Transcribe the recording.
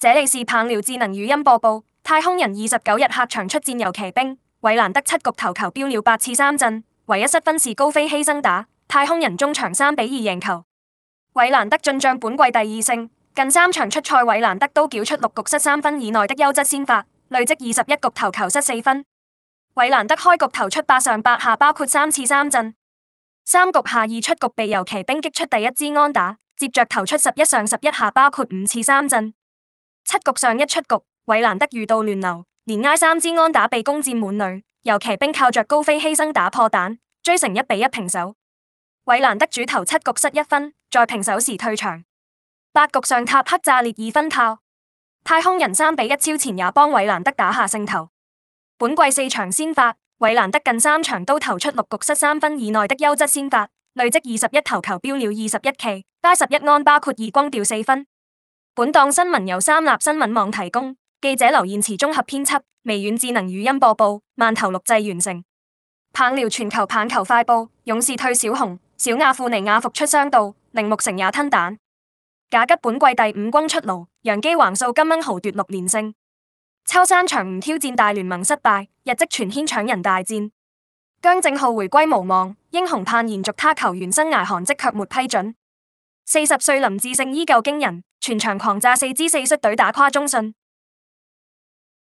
這裏是棒聊智能語音播報。太空人二十九日客場出戰遊騎兵，韋蘭德七局投球飆了八次三振，唯一失分是高飛犧牲打。太空人終場三比二贏球，韋蘭德進賬本季第二勝。近三場出賽，韋蘭德都繳出六局失三分以內的優質先發，累積二十一局投球失四分。韋蘭德開局投出八上八下，包括三次三振，三局下二出局被遊騎兵擊出第一支安打，接着投出十一上十一下，包括五次三振。七局上一出局，韋蘭德遇到亂流，連挨三支安打被攻佔滿壘，遊騎兵靠着高飛犧牲打破蛋，追成一比一平手。韋蘭德主投七局失一分，在平手時退場。八局上塔克炸裂二分炮，太空人三比一超前也幫韋蘭德打下勝投。本季四場先發，韋蘭德近三場都投出六局失三分以內的優質先發，累積二十一投球飆了二十一 K，加十一安，包括二轟掉四分。本檔新聞由三立新聞網提供，記者劉燕慈綜合編輯，微軟智能語音播報，萬頭錄製完成。棒球全球棒球快報：勇士退小熊，小亞庫尼亞復出傷到，鈴木誠也吞蛋。賈吉本季第五轟出爐，楊基橫掃金鶯豪奪六連勝。秋山翔吾挑戰大聯盟失敗，日職全牽搶人大戰。姜正浩回歸無望，英雄盼延續他球員生涯，韓職卻沒批准。四十歲林智勝依舊驚人。全場狂炸四支四率隊打垮中信。